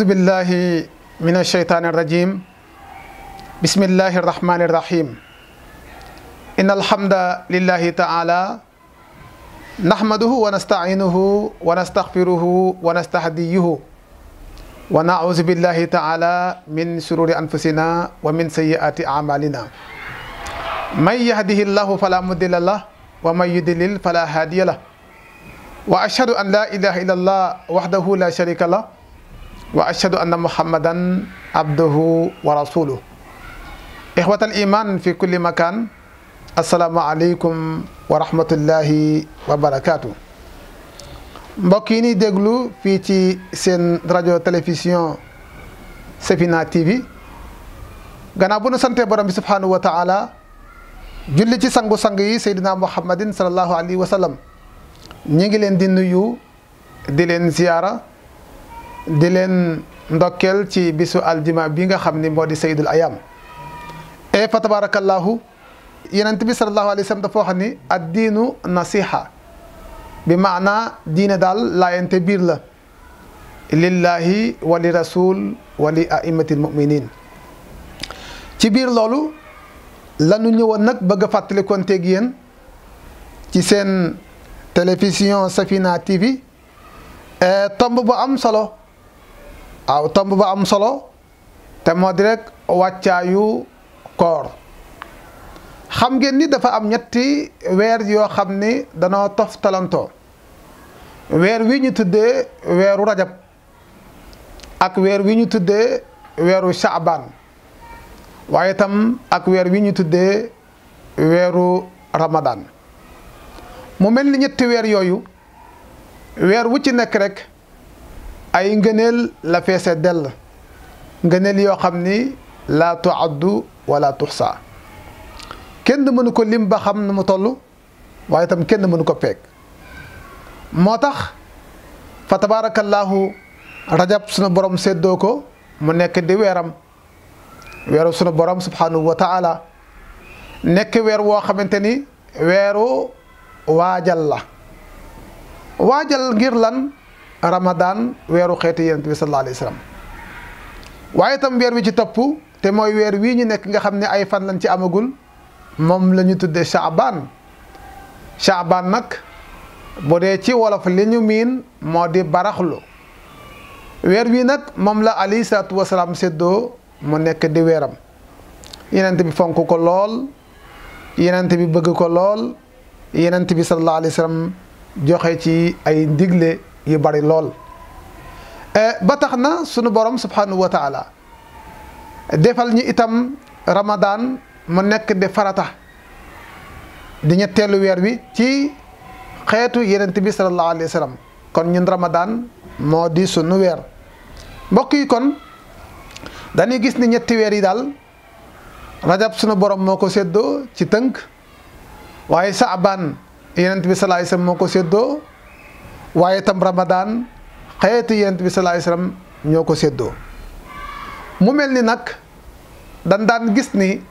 أعوذ بالله من الشيطان الرجيم بسم الله الرحمن الرحيم إن الحمد لله تعالى نحمده ونستعينه ونستغفره ونستهديه ونعوذ بالله تعالى من شرور أنفسنا ومن سيئات أعمالنا من يهده الله فلا مضل له ومن يضلل فلا هادي له وأشهد أن لا إله إلا الله وحده لا شريك له وأشهد أن محمدا عبده ورسوله إخوة الإيمان في كل مكان السلام عليكم ورحمة الله وبركاته بكيني دغلو في تي سين راديو تلفزيون سفينة تي في غنابون سنتي برام سبحانه وتعالى جولي تي سانغو سانغي سيدنا محمد صلى الله عليه وسلم نيغي لين دي نويو دي لين زياره di leen ndokkeel ci bisu aljima bii nga xam ni moo di sayyidul ayam e eh, fa tabarakallahu yenent bi sallallahu alayhi wa sallam dafa wax diinu nasiha bi maana diine daal laayante biir lillahi wa li rasul wa li aimatil muminin ci biir loolu lanu ñëwoon nag bëgg a fàttalikonteeg yéen ci seen télévision Safina TV eh, tomb bu am solo aw tomb ba am solo te mod di rek wàccaayu koor xam ngeen ni dafa am ñetti wer yo xamni dana tof talanto wer wi ñu tuddé weeru rajab ak wer wi ñu tuddé weeru sha'ban waye tam ak wer wi ñu tuddé weeru ramadan mu melni ni ñetti wer yoyu weer wu ci nek rek ay ngëneel la feese dell ngëneel yoo xam ni laa tuaddu wala tuxsa kenn mënu ko lim ba xam na mu toll waaye itam kenn mënu ko peeg moo tax fa tabaarakallaahu rajab sunu borom séddoo ko mu nekk di weeram weeru sunu borom subhanahu wa nekk weer woo xamante ni weeru waajal la waajal ngir lan ramadan wéru xéti yonent bi sallallahu alayhi wasallam waye tam wér wi ci top té moy wér wi ñu nek nga xamné ay fan lañ ci amagul mom lañu tuddé sha'ban Shaaban nak, bo dé ci wolof li ñu min modi di baraxlu wér wi nak mom la ali sattu wasallam seddo mo nek di wéram yenent bi fonku ko lool yenent bi bëgg ko lool bi sallallahu alayhi wasallam joxé ci ay ndigle yu bari lol. ba taxna na sunu borom subhanahu wa taala defal ñi itam ramadan mu nek de farata di ñetteelu wer wi ci xetu yenen sallallahu alaihi wasallam kon ñun ramadan moo di sunu mbokk yi kon dañuy gis ni ñetti wer yi dal rajab sunu borom moko seddo ci teunk waye sa'ban yenen bi sallallahu alaihi wasallam moko seddo waaye tam Ramadan xeetu yent bi sallallahu alayhi ñoo ko séddoo mu mel ni nag dan daan gis ni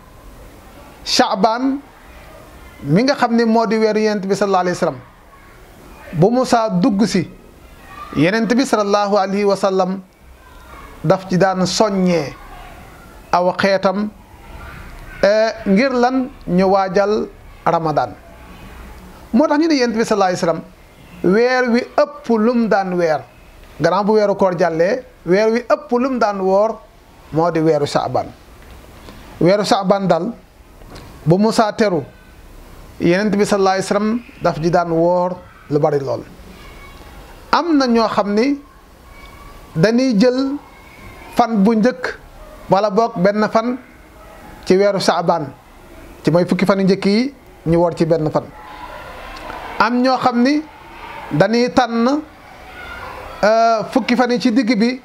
Shaaban mi nga xam ni moo di weeru yent bi sallallahu alayhi wasallam bu musaa dugg si yenent bi sallallahu alayhi wasallam daf ci daan soññee aw xeetam eh, ngir lan ñu waajal Ramadan moo tax ñu ne yent bi sallallahu alayhi weer wi ëpp lum daan weer grand bu weeru koor jàlle weer wi ëpp lum daan woor moo di weeru saaban weeru saaban dal bu musa teru yenent bi sallallahu alayhi wasallam daf ji daan woor lu bari lool am na ñoo xam ni dañuy jël fan bu njëkk wala boog benn fan ci weeru saaban ci mooy fukki fan yu njëkk yi ñu woor ci benn fan am ñoo xam ni dañuy tànn euh, fukki fan yi ci digg bi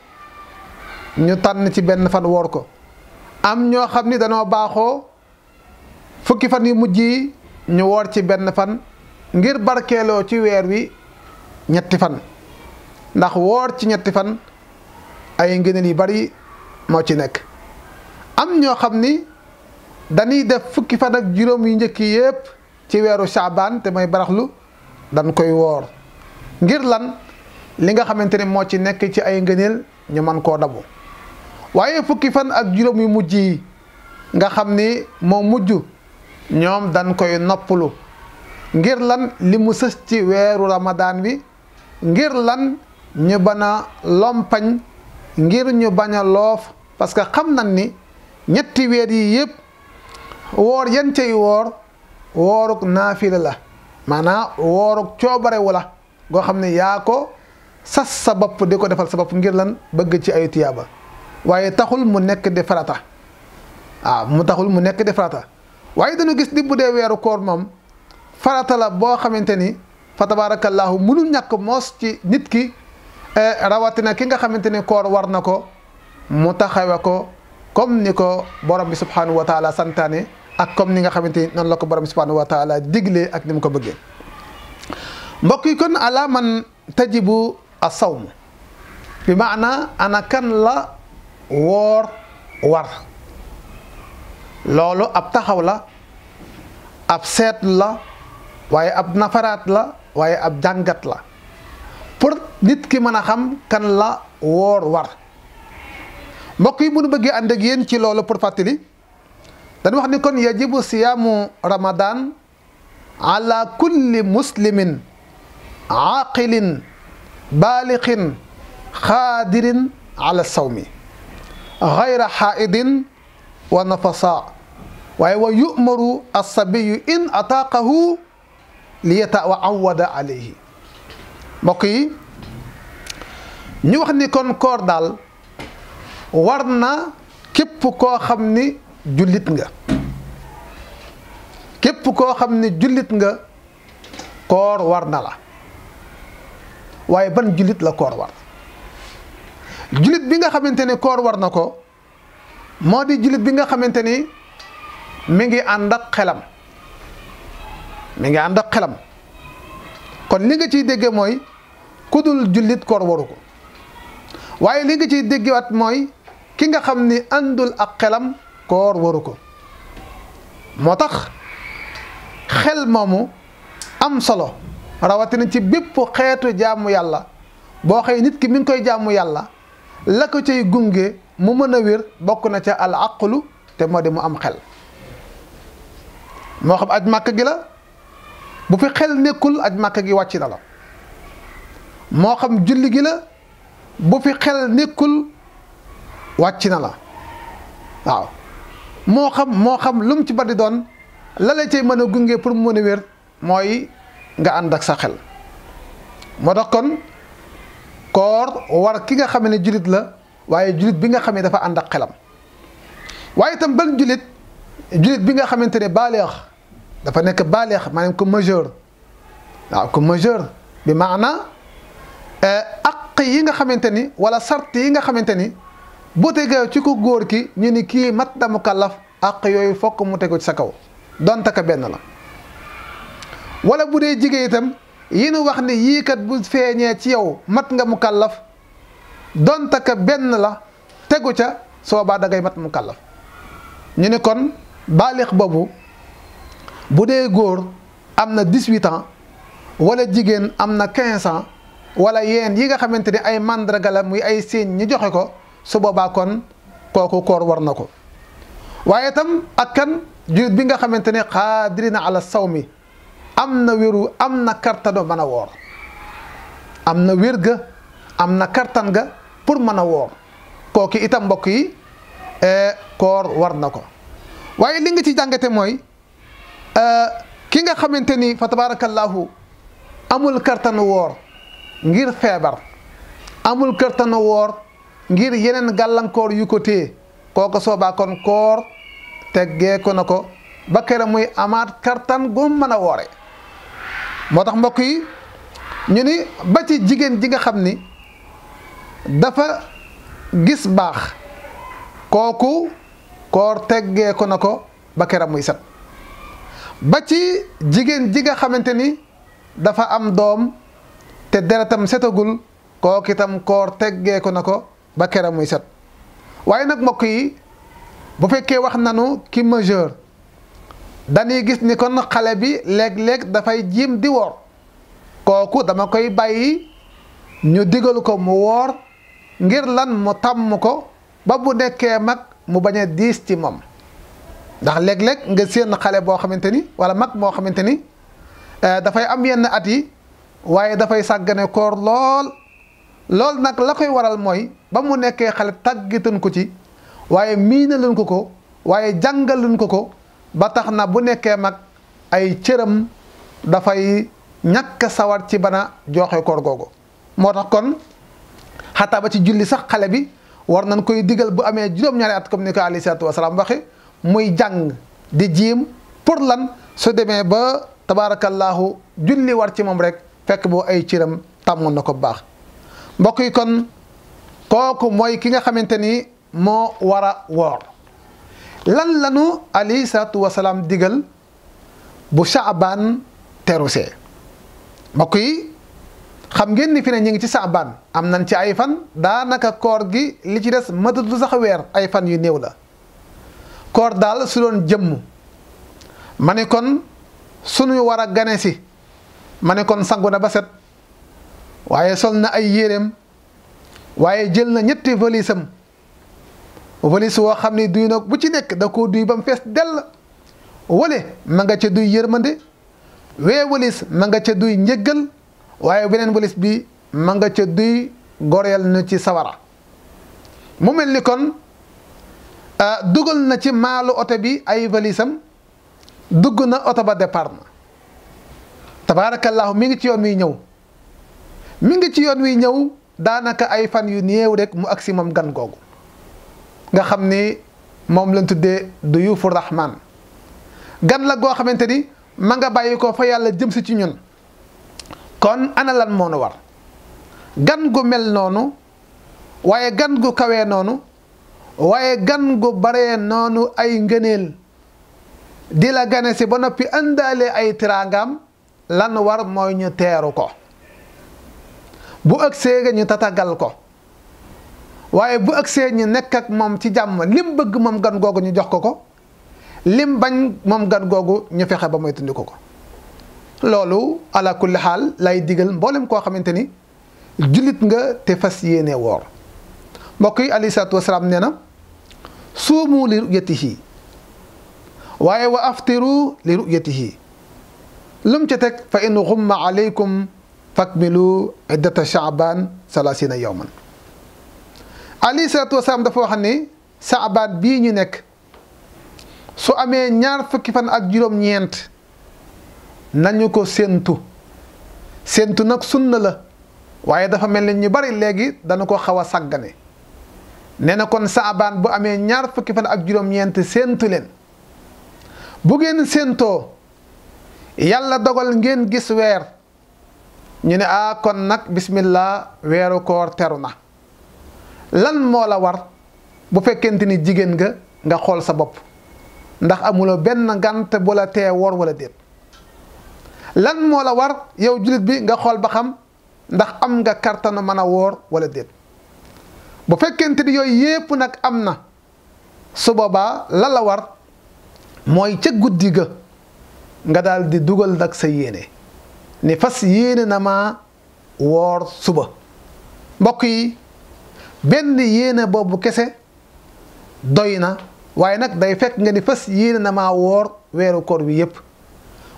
ñu tànn ci benn fan woor ko am ñoo xam ni danoo baaxoo fukki fan yi mujj yi ñu woor ci benn fan ngir barkeeloo ci weer wi ñetti fan ndax woor ci ñetti fan ay ngëneel yu bari moo ci nekk am ñoo xam ni dañuy def fukki fan ak juróom yu njëkk yépp ci weeru saabaan te mooy baraxlu dañ koy woor ngir lan li nga xamante mo ci nek ci ay ngeenel ñu man ko dabu waye fukki fan ak juroom yu mujj nga xamni mo mujj ñom dan koy noppulu ngir lan li mu seess ci wéru ramadan bi ngir lan ñu bana lompañ ngir ñu baña loof parce que xam nañ ni ñetti weer yi yépp wor yan wor woruk wooruk mana la maanaa wooruk goo xam ne yaa ko sas sa bopp di ko defal sa bopp ngir lan bëgg ci ay tiyaaba waaye taxul mu nekk di farata waaw mu taxul mu nekk di farata waaye dañu gis ni bu dee weeru koor moom farata la boo xamante ni fa tabaarakallaahu mënul ñàkk moos ci nit ki eh, rawatina ki nga xamante ni koor war na ko mu taxawe ko comme ni ko borom bi subhanahu wa taala santaane ak comme ni nga xamante ni noonu la ko borom bi subhanahu wa taala diglee ak ni mu ko bëggee mbokk yi kon ala man tajibu asawmu bi maana ana kan la woor war loolu ab taxaw la ab seet la waaye ab nafaraat la waaye ab jàngat la pour nit ki mën a xam kan la woor war mbokk yi bu nu bëggee ànd ak yéen ci loolu pour fàttali dañ wax ni kon yajibu siyaamu ramadan ala kulli muslimin aaqilin baaliqin xaadirin ala sawmi gayra xaaidin wa nafasa waaye wa yu'maru assabiyu in ataaqahu li yataawada alayhi mbokk yi ñu wax ni kon koor daal war na képp koo xam ni jullit nga képp koo xam ni jullit nga koor war na la waaye ban jullit la koor war jullit bi nga xamante ni koor war na ko moo di jullit bi nga xamante ni mi ngi ànd ak xelam mi ngi ànd xelam kon li nga ciy dégge mooy ku dul jullit koor waru ko waaye li nga ciy déggewaat mooy ki nga xam ni àndul ak xelam koor waru ko moo tax xel moomu am solo rawatina ci bépp xeetu jàmm yàlla boo xëy nit ki mi ngi koy jàmm yàlla la ko cay gunge mu mën a wér bokk na ca al aqlu te moo di mu am xel moo xam aj màkk gi la bu fi xel nekkul aj màkk gi wàcc na la moo xam julli gi la bu fi xel nekkul wàcc na la waaw moo xam moo xam lu ci ba di doon la la cay mën a gunge pour mu mën a wér mooy nga ànd ak sa xel moo tax kon koor war ki nga xam ne jullit la waaye jullit bi nga xam dafa ànd xelam waaye itam ban jullit jullit bi nga xamante ne baaleex dafa nekk baaleex maanaam ko majeur waaw ko majeur bi maana e, aq yi nga xamante ni wala sart yi nga xamante ni bu tegee ci ko góor ki ñu ni kii mat na mukallaf aq yooyu fokk mu tegu ci sa kaw donte ka benn la wala bu dee jigéen itam yi nu wax ne yii kat bu feeñee ci yow mat nga mu kàllaf donte ka benn la tegu ca soobaa da ngay mat mu kàllaf ñu ni kon baalix boobu bu dee góor am na dix-huit ans wala jigéen am na quinze ans wala yéen yi nga xamante ne ay màndargala muy ay signes ñu joxe ko su boobaa kon kooku koor war na ko waaye itam ak kan jullit bi nga xamante na xaadirina saw mi am na wéru am na kartanu mën a woor am na wér ga am na kartan ga pour mën a woor kooku itam mbokk yi e, koor war na ko waaye li nga ci jàngate mooy e, ki nga xamante ni fa tabarakallahu amul kartanu woor ngir feebar amul kartanu woor ngir yeneen gàllankoor yu ko téye kooko soobaa kon koor teggee ko na ko ba kere muy amaat kartan gum mën a woore moo tax mbokk yi ñu ni ba ci jigéen ji nga xam ni dafa gis baax kooku koor teggee ko na ko ba keram muy set ba ci jigéen ji nga xamante ni dafa am doom te deretam setagul kooku itam koor teggee ko na ko ba keram muy set waaye nag mbokk yi bu fekkee wax nanu ki majeur dañuy gis ni kon xale bi léeg-léeg dafay jiim di woor kooku dama koy bàyyi ñu digal ko mu woor ngir lan mu tàmm ko ba mu nekkee mag mu bañ a diis ci moom ndax léeg-léeg nga séen xale boo xamante ni wala mag moo xamante ni eh, dafay am yenn at yi waaye dafay sàggane koor lool lool nag la koy waral mooy ba mu nekkee xale tàggituñ ko ci waaye miinaluñ ko ko waaye jàngaluñ ko ko ba tax na bu nekkee mag ay cëram dafay ñàkk sawar ci bana joxe koor googu moo tax kon xataa ba ci julli sax xale bi war nañ koy digal bu amee juróom-ñaari at comme ni ko alayhi salaatu wasalaam waxe muy jàng di jiim pour lan su demee ba tabaarakallaahu julli war ci moom rek fekk boo ay ciram tàmmoon na ko bu baax mbokk yi kon kooku mooy ki nga xamante ni moo war a woor lan lanu alayhi salaatu wasalaam digal bu saabaan terusee mbokk yi xam ngeen ni fi ne ñu ngi ci saabaan am nañ ci ay fan daanaka koor gi li ci des matatu sax weer ay fan yu néew la koor daal su doon jëmm ma ne kon suñu war a gane si ma ne kon sangu na ba set waaye sol na ay yéreem waaye jël na ñetti valisam walis woo xam ne duy nag bu ci nekk da koo duy ba mu fees dell wale ma nga ca duy yërmande wee walis ma nga ca duy njëggal waaye beneen walis bi ma nga ca duy goreel nu ci sawara mu mel ni kon dugal na ci maalu oto bi ay valisam dugg na oto ba départ na tabaarakallaahu mi ngi ci yoon wiy ñëw mi ngi ci yoon wi ñëw daanaka ay fan yu néew rek mu agsi moom gan googu nga xam ni moom lañ tuddee du yuufu rahman gan la goo xamante ni ma nga bàyyi ko fa yàlla jëm si ci ñun kon ana lan moo nu war gan gu mel noonu waaye gan gu kawee noonu waaye gan gu baree noonu ay ngëneel di la gane si ba noppi àndaale ay tiraangam lan war mooy ñu teeru ko bu ëgsee ñu tatagal ko waaye bu agsee ñu nekk ak moom ci jàmm lim bëgg moom gan googu ñu jox ko ko lim bañ moom gan googu ñu fexe ba moytandiku ko loolu ala kulli xaal lay digal mboolem koo xamante ni jullit nga te fas yéene woor mbokk yi alayhi salaatu wasalaam nee na suumu li ruyatihi waaye wa aftiru li ruyatihi lum ca teg fa in xumma alaykum fakmilu iddata shaaban salaasina yowman Ali salatu wasalaam dafa wax ni sa'ban bi ñu nek su amé ñaar fukki fan ak juroom ñent nañu ko sentu sentu nak sunna la waye dafa melni ñu bari legi dañ ko xawa sagane kon sa'ban bu amé ñaar fukki fan ak juroom ñent sentu len bu gene sento yalla dogal ngeen gis wer ñu ne a ah, kon nak bismillah weru koor teruna. lan moo la war bu fekkente ni jigéen nga nga xool sa bopp ndax amuloo benn ngànt bu la tee woor walla déet lan moo la war yow jullit bi nga xool ba xam ndax am nga kartanu mën a woor walla déet bu fekkente ni yooyu yépp nag am na su boobaa la la war mooy ca guddi ga nga daal di dugal nag sa yéene ni fas yéene na ma woor suba mbokk yi benn yéene boobu kese doy na waaye nag day fekk nga ni fas yéene na maa woor weeru koor wi yépp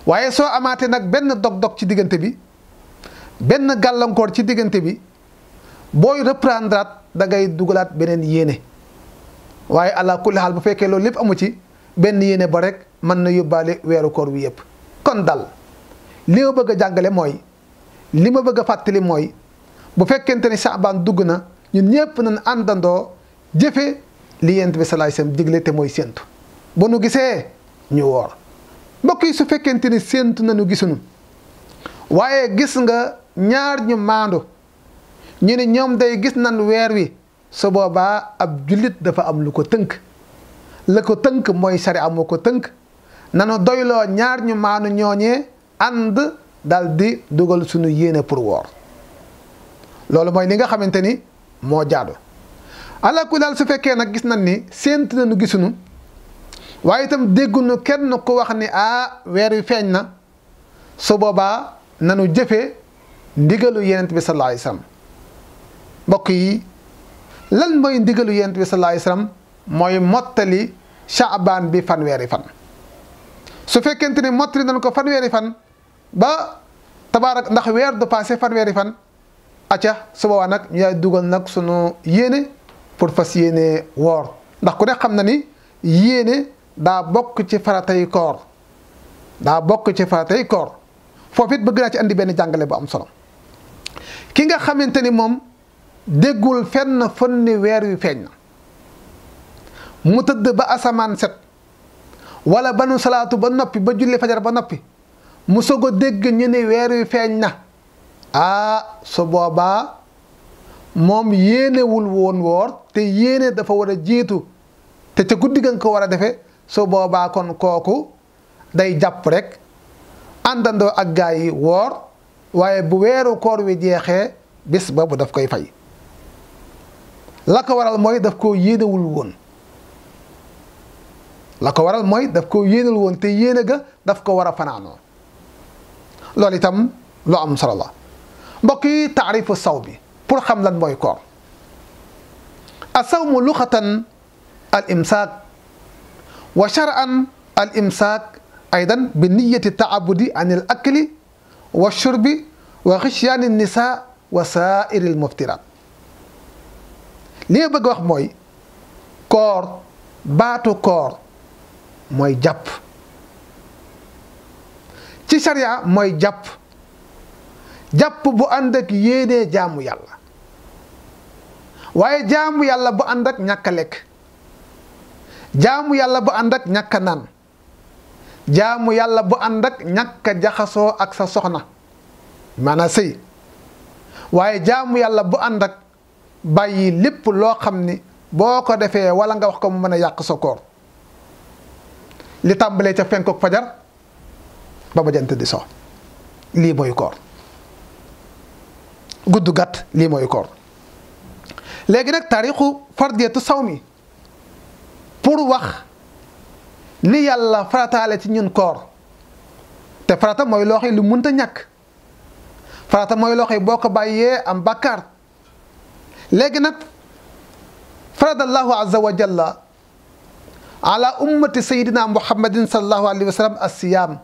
waaye soo amaatee nag benn dog-dog ci diggante bi benn gàllankoor ci diggante bi booy reprendre da ngay dugalaat beneen yéene waaye ala kulli xaal bu fekkee loolu lépp amu ci benn yéene ba rek mën na yóbbaale weeru koor wi yépp kon dal li ma bëgg a jàngale mooy li ma bëgg a fàttali mooy bu fekkente ni saabaan dugg na ñun ñëpp nañ àndandoo jëfe li yent bi salaay sam digle te mooy séentu ba nu gisee ñu woor mbokk yi su fekkente ni séentu nañu gisuñu waaye gis nga ñaar ñu maandu ñu ne ñoom day gis nanu weer wi su boobaa ab jullit dafa am lu ko tënk la ko tënk mooy sariya moo ko tënk nanu doyloo ñaar ñu maanu ñooñee ànd dal di dugal sunu yéene pour woor loolu mooy li nga xamante ni moo jaadu ala ku daal su fekkee nag gis nañ ni séent nañu gisuñu waaye itam dégguñu kenn ku wax ni ah weer wi feeñ na su boobaa nanu jëfee ndigalu yonent bi sallallahu alayhi mbokk yi lan mooy ndigalu yonent bi sallallahu alayhi wasallam mooy mottali caabaan bi fanweeri fan su fekkente ni mottali nañ ko fanweeri fan ba tabaarak ndax weer du passé fanweeri fan acca su boobaa nag ñu yaay dugal nag sunu yéene pour fas yéene woor ndax ku ne xam na ni yéene daa bokk ci faratay koor daa bokk ci faratay koor foofu it bëgg naa ci indi benn jàngale bu am solo ki nga xamante ni moom déggul fenn fon ni weer wi feeñ na mu tëdd ba asamaan set wala ba nu salaatu ba noppi ba julli fajar ba noppi mu soog dégg ñu ni weer wi feeñ na ah su boobaa moom yéenewul woon woor te yéene dafa war a jiitu te ca guddi ga ko war a defe su boobaa kon kooku day jàpp rek àndandoo ak gaa yi woor waaye bu weeru koor wi jeexee bis ba bu daf koy fay la ko waral mooy daf koo yéenewul woon la ko waral mooy daf koo yéenal woon te yéene ga daf ko war a fanaanoo loolu itam lu am solo la mbokk yi taarifu saw bi pour xam lan mooy koor asawmu luxatan al imsaak wa shar'an al imsaak aydan bi niyati taabudi an al akli wa shurbi wa xishyaan an nisaa wa saairi al muftiraat li nga bëgg wax mooy koor baatu koor mooy jàpp ci sharia mooy jàpp japp bu andak yene jamu jaamu Yalla. waaye jaamu Yalla bu andak ñaka lek jamu yalla jaamu bu andak ñaka nan jamu yalla jaamu bu andak ñaka jaxaso ak sa soxna mana sey waye jaamu yalla bu andak bayyi lepp lo xamni boko defé wala nga wax ko mu meuna yak sa koor li tambalé ca fajar baba jant di so li boy koor gudd gàtt lii mooy koor léegi nag taarixu fardiyatu saw mi pour wax li yàlla farataale ci ñun koor te farata mooy loo xam lu mënta ñàkk farata mooy loo xam boo ko bàyyee am bàkkaar léegi nag farada allahu azza wa jalla ala ummati sayidina muhammadin salallahu alayhi wa sallam as siyaam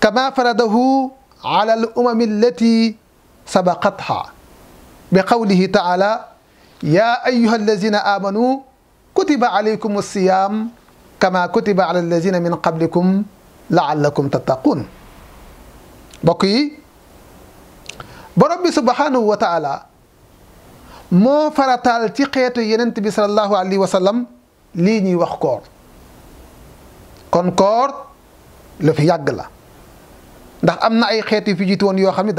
kama faradahu ala al umami allati سبقتها بقوله تعالى يا أيها الذين آمنوا كتب عليكم الصيام كما كتب على الذين من قبلكم لعلكم تتقون بقي برب سبحانه وتعالى مو فرط التقيت ينت صلى الله عليه وسلم ليني وخكور كونكور لفي يغلا ndax amna ay xéetu fi jitu won yo xamni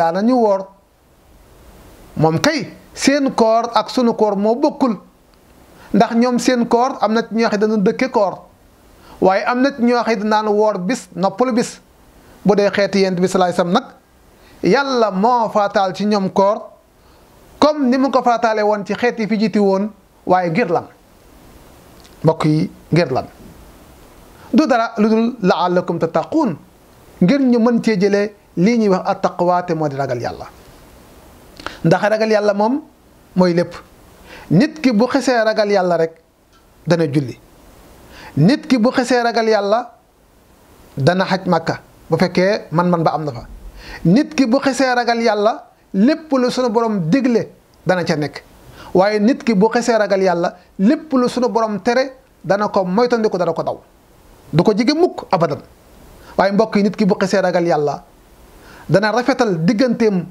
moom kay seen koor ak sunu koor moo bokkul ndax ñoom seen koor am na ci ñoo xam ne dana dëkke koor waaye am na ci ñoo xam ne naan woor bis noppalu bis bu dee xeeti yent bi salaay sam nag yàlla moo faataal ci ñoom koor comme ni mu ko faataale woon ci xeet yi fi jiiti woon waaye ngir lan mbokk yi ngir lan du dara lu dul laallakum tattaquun ngir ñu mën cee jëlee lii ñuy wax attaqwa te moo di ragal yàlla ndax ragal yàlla moom mooy lépp nit ki bu xesee ragal yàlla rek dana julli nit ki bu xesee ragal yàlla dana xaj màkka bu fekkee man-man ba am na nit ki bu xesee ragal yàlla lépp lu sunu borom dégle dana ca nekk waaye nit ki bu xesee ragal yàlla lépp lu sunu borom tere dana ko moytandiku dana ko daw du ko jege mukk abadan waaye mbokk yi nit ki bu xesee ragal yàlla dana rafetal digganteem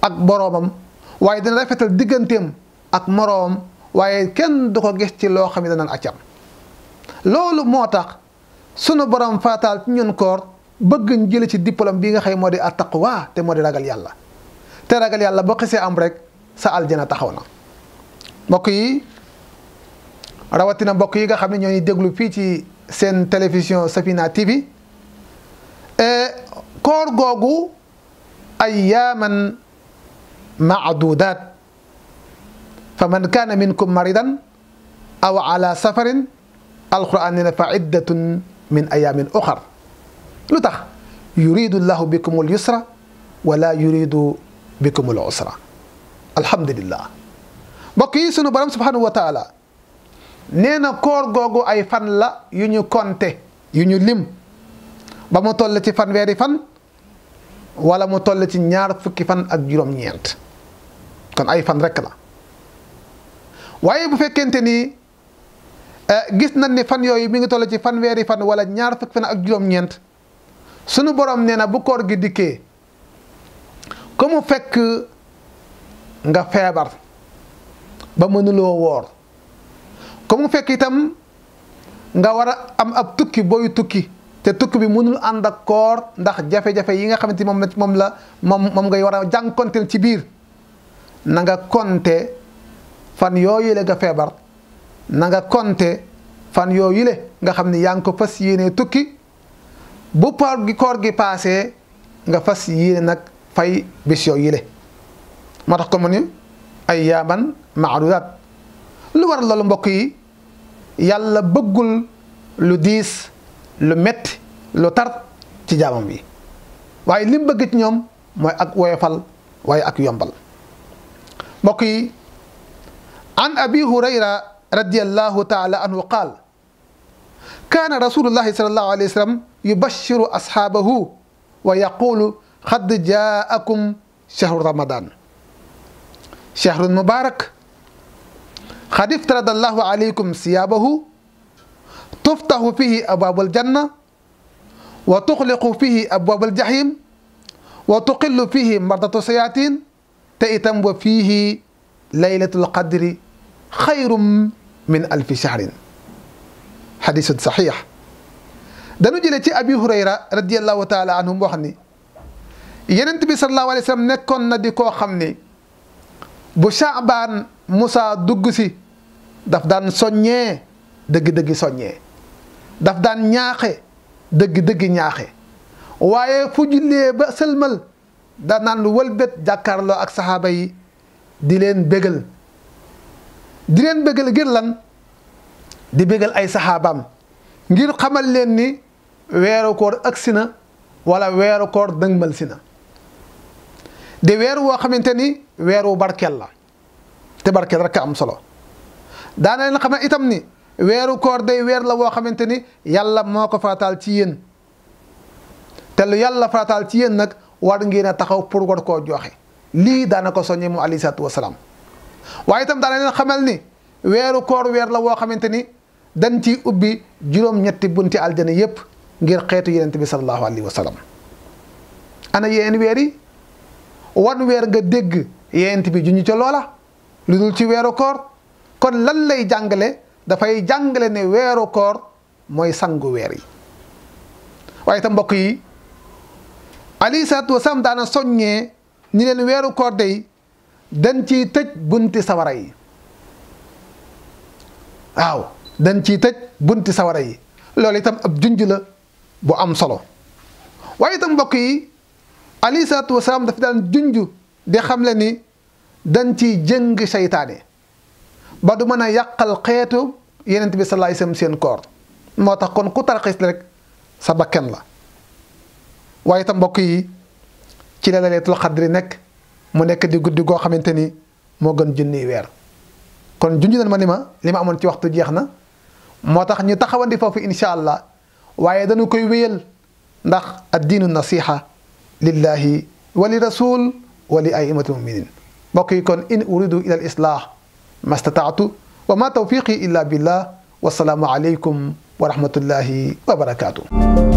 ak boroomam waaye dina rafetal digganteem ak moroomam waaye kenn du ko gis ci loo xam ne dana accam loolu moo tax sunu borom faatal ci ñun koor bëgg ñu ci diplôme bii nga xëy moo di attaqwa te moo di ragal yàlla te ragal yàlla boo xisee am rek sa aljana taxaw na mbokk yi rawatina mbokk yi nga xam ne ñooy déglu fii ci seen télévision Safina TV eh, koor googu ay yaaman معدودات فمن كان منكم مريضا أو على سفر القرآن ne فعدة من أيام أخر lu tax يريد الله بكم اليسر ولا يريد بكم العسر الحمد لله mbokk yi sunu borom subhanahu wa taala nee na koor googu ay fan la yu ñu konte yu ñu lim ba mu toll ci fanweeri fan wala mu toll ci ñaar fukki fan ak juróom-ñeent kan ay fan rek la waye bu fekente ni eh, gis nañ ni fan yoy mi ngi toll ci wéri fan wala ñaar fukk fan ak juróom ñent suñu borom neena bu koor gi diké comme mu nga febar ba mënu lo wor comme fekk itam nga wara am ab tukki boy tukki té tukki bi mënul and ak koor ndax jafé jafé yi nga xamanteni mom mom la mom mom ngay wara jankontel ci biir nanga nga konte fan yooyu le nga feebar na konte fan yooyu le nga xam ni yaa ngi ko fas yéenee tukki bu gi koor gi paase nga fas yéene nag fay bis yooyu le moo tax ko mu ni ay yaaman maadudaat lu war loolu mbokk yi yàlla bëggul lu diis lu metti lu tar ci jaamam bi waaye lim bëgg ci ñoom mooy ak woyofal waaye ak yombal بقي عن أبي هريرة رضي الله تعالى عنه قال كان رسول الله صلى الله عليه وسلم يبشر أصحابه ويقول قد جاءكم شهر رمضان شهر مبارك قد افترض الله عليكم سيابه تفتح فيه أبواب الجنة وتغلق فيه أبواب الجحيم وتقل فيه مرضى السياتين te itam wa fiihi laylatul qadri xayrum min alfi shahrin xadisun saxiix dañu jëlee ci abi hurayra radiallahu taala anhum wax ni yenent bi sallallahu alayhi wa sallam nekkoon na di koo xam ni bu caabaan musaa dugg si daf daan soññee dëgg-dëgg soññee daf daan ñaaxe dëgg-dëgg ñaaxe waaye fu jullee ba sëlmal da naan lu wëlbét jàkkaarloo ak saxaaba yi di leen bégal di leen bégal ngir lan di bégal ay saxaabaam ngir xamal leen ni weeru koor agsi na walla weeru koor dëngmal si na di weer woo xamante ni weeru barkeel la te barkeel rek am solo daana leen xamal itam ni weeru koor day weer la woo xamante ni yàlla moo ko farataal ci yéen te lu yàlla farataal ci yéen nag war ngeen a taxaw pour war ko joxe lii daana ko soññee moom alayhi salaatu wasalaam waaye tam daana leen xamal ni weeru koor weer la woo xamante ni dañ ciy ubbi juróom-ñetti bunti aljana yépp ngir xeetu yonent bi sallallahu alayhi wa sallam ana yeneen weer yi wan weer nga dégg yonent bi juñu ca loola lu dul ci weeru koor kon lan lay jàngale dafay jàngale ne weeru koor mooy sangu weer yi waaye tam mbokk yi Ali salaatu sam dana soññee ni len weeru koor bunti sawara yi aw dañ ci tej bunti sawara yi lolé tam ab junj la bu am solo waye tam mbok yi alayhi salaatu wasalaam dafa dan junj di xam le ni dañ ci jeng shaytané ba du mën yakal yàqal yenenbi sallallahu alayhi wasallam sen koor motax kon ku tarxis rek sa bakken la waaye itam mbokk yi ci la laylatul xadri nekk mu nekk di guddi goo xamante ni moo gën junniy weer kon junj nañ ma ni ma li ma amoon ci waxtu jeex na moo tax ñu taxawandi foofu incha allah waaye dañu koy wéyal ndax addiinu nasiha lillahi wa li rasul wa li aimatul muminin mbokk yi kon in uridu ila al islah mastataatu wa ma tawfiqi illa billah wasalaamu aleykum wa rahmatullahi wa barakatuh